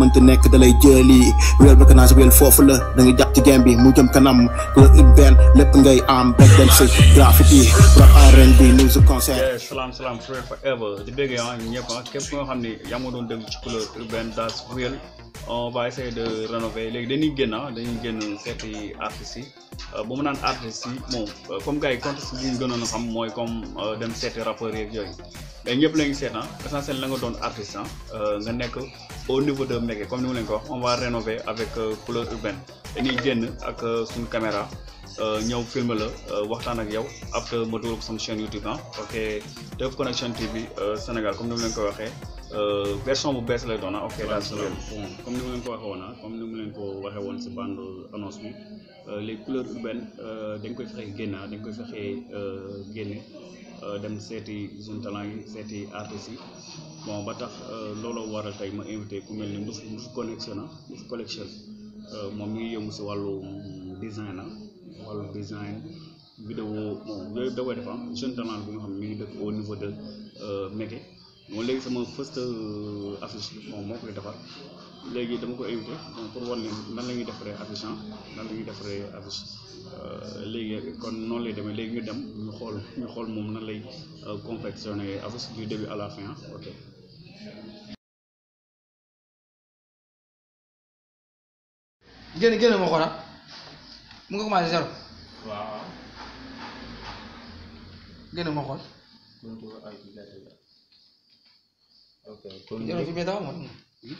mënta nekk da lay jëli wéel ba kanaan sa wéel foofu la da nga jàpp bi mu jëm kanam ku la it benn lépp ngay am back dance graffiti rap R&B music concert salaam salaam ah, nga ah, xam ne yaa ma doon déglu ci couleur urbaine das réel on va essayer de rénover léegi dañuy génn ah dañuy génn seeti artistes yi euh, ba mu naan artistes yi bon euh, comme gars yi contexte bi ñu xam mooy comme euh, dem seeti rappeurs yeeg yooyu mais ñëpp la ngi seet ah essentiel la nga doon artiste ah. euh, nga nekk au niveau de Mékhé comme ni mu leen ko wax on va rénover avec euh, couleur urbaine dañuy génn ak euh, suñu caméra ñëw film la waxtaan ak yow après ma dugal ko sama chaîne YouTube ah ok Teuf Connection TV Sénégal comme ni mu leen ko waxee version bu bees lay doon ah ok daal comme ni mu leen ko comme ni mu leen ko waxee woon si ah. bande annonce bi les couleurs urbaines dañ koy fexe génn ah dañ koy fexe génne Euh, dem seeti Jeunes Talents yi seeti artistes yi bon ba tax euh, looloo waral tey ma invité ku mel ni Ndouff Ndouff Connection na Ndouff Collection ah, euh, moom mi ngi yëngu si wàllu design na ah, wàllu design vidéo bon yooyu da koy def am ah, bi nga xam ni mi ngi dëkk au niveau de Mékhé moom léegi sama first affiche bon moo koy defar léegi dama ko invité donc pour nan la ñuy defaree affiche ah, nan la ñuy defaree affiche euh, léegi kon noonu lay demee léegi ñu dem ñu xool ñu xool moom nan lay euh, confectionner affiche du début à la fin ah, ok. génn génn ma xoolal ah. mu nga commencé zéro. waaw. génn ma xool.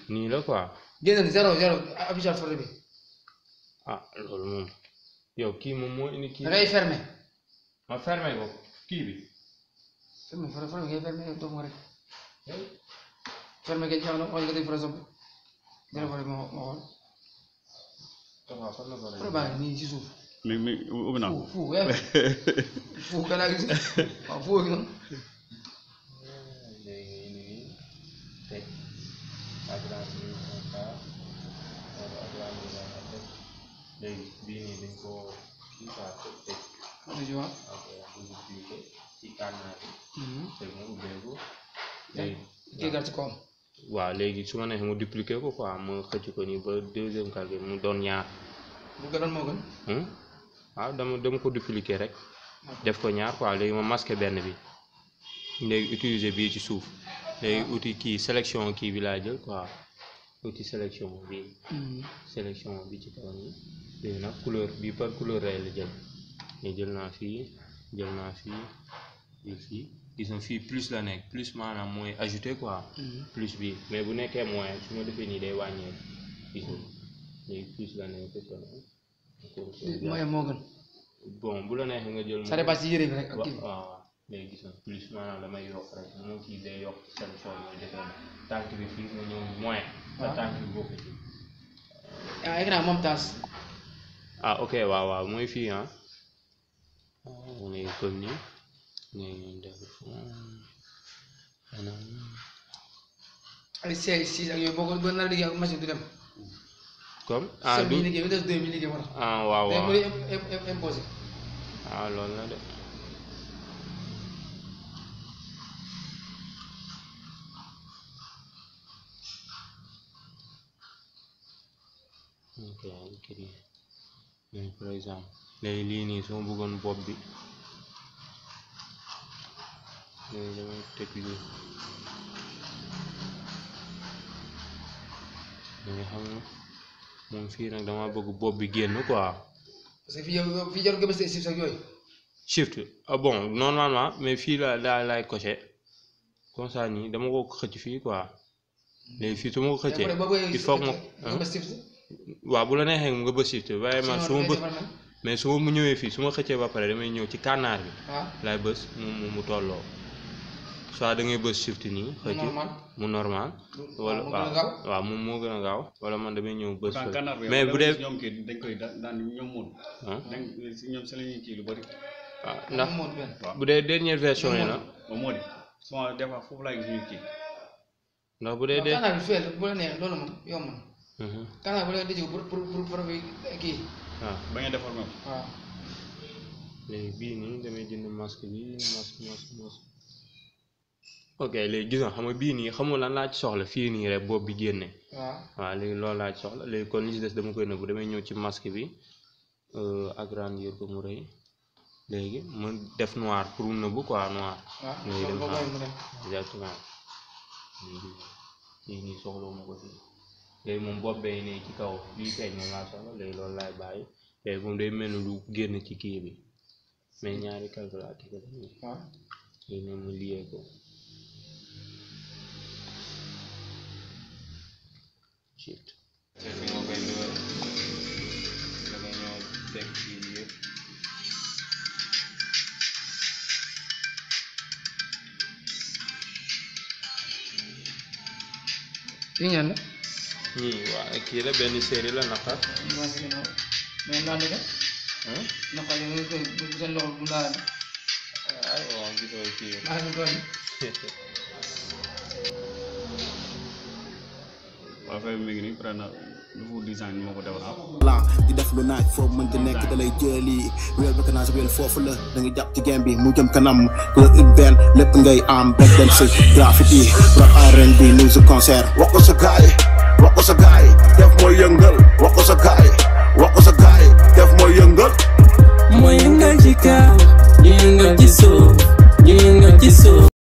nii la ko a zéro zéro ah, officiel photo bi. ah loolu moom yow kii moom moo indi kii. da ngay fermé. ma fermé ko kii bi. fermé fermé fermé kay fermé yow doomu rek. fermé kay xam nga xool nga teg baa nii si suuf. mi mi ubbi naa ko. fu fu fu kanaa gis léegi ko mhm. waaw léegi su ma neexee mu dupliquer ko quoi mu xëcc ko nii ba deuxième carte bi mu doon ñaar. waaw hmm? ah, dama dama ko dupliquer rek. def ko ñaar quoi léegi ma masqué benn bi. léegi utiliser bii ci suuf. léegi outil ah. kii sélection kii bi laa jël quoi outil sélection bi mhm. sélection bi ci kaw nii. dégg iya, kulur couleur bi par couleur ray la nasi mais jël naa fii jël naa plus la nek plus na mooy ajouter ah, quoi ah. hmm. plus bi mais bu nekkee ya moins su ma defee nii day wàññee ils ont ya, léegi plus la nekk mooy moo gën bon bu la neexee nga jël ça dépasse ci yére bi rek waaw waaw léegi gis na plus maanaam damay yokk rek moom kii day yokk seen sol mooy defee tànk bi fii nga ya, ñëw moins sa tànk bi bokk ci waaw egg naa moom taas ah ok waaw waaw mooy fii ah on est comme ni ñu def ay seize six ak yooyu boo ko boo nar a liggéey ak machine du dem comme ah du liggéey bi des deux mille liggéey moo ah waaw waaw day imposé ah loolu la de Okay, I'll give you. donc léegi lii nii su ma bëggoon bopp bi léegi teg lii danga xam ne moom fii nag dama bëgg bopp bi génn quoi parce que fii yow fii jarul shift ak ah bon normalement mais fii la daa laay coché comme ça nii dama ko xëcc fii quoi léegi fii su ma ko xëccee il faut que waaw bu la neexee nga ba shifté waaye man su ma bës mais su ma ñëwee fii su ma xëccee ba pare damay ñëw ci kànnaar bi lay bës mu mu tolloo soit da ngay bës shift nii xëcc mu normal wala waaw waaw moom moo gën a gaaw wala man damay ñëw bës mais bu dee ñoom kii dañ koy daan ñoom moon dañ ñoom si lañuy kii lu bari waaw ndax bu dee dernière version yi la moo di sama des fois foofu laay gis ñu kii ndax bu dee dee bu la neex loolu moom yomb na Kaana bu leen di jiw léegi bii nii damay jënd masque bi masque masque ok léegi gis nga bii nii xamul lan laa ci soxla fii nii rek bopp bi génne. waaw waaw léegi loolu laa ci soxla léegi kon li ci des dama koy nëbbu damay ñëw ci masque bi agrandir ko mu rëy léegi mu def noir pour mu nëbbu quoi noir. léegi dem exactement. léegi nii soxla wu ko fii. léegi moom bopp bay ne ci kaw lii feeñ moom laa soxla léegi loolu laay bàyyi léegi moom day mel ni lu génn ci kii bi mais ñaari calculateur la nii léegi moom mu liyee ko shit bi nga koy dugal da nga ñëw teg ci yëpp lii ñaan ñii waaw kii la benn série la naqar. mais naan mi ngi nii ko defar. di def lu naaj foofu mënti nekk da lay jëli foofu la da ngay jàpp ci bi mu jëm kanam kër urbain lépp ngay am breakdance graffiti rap R&B news concert wax ko sa gars So up, guy?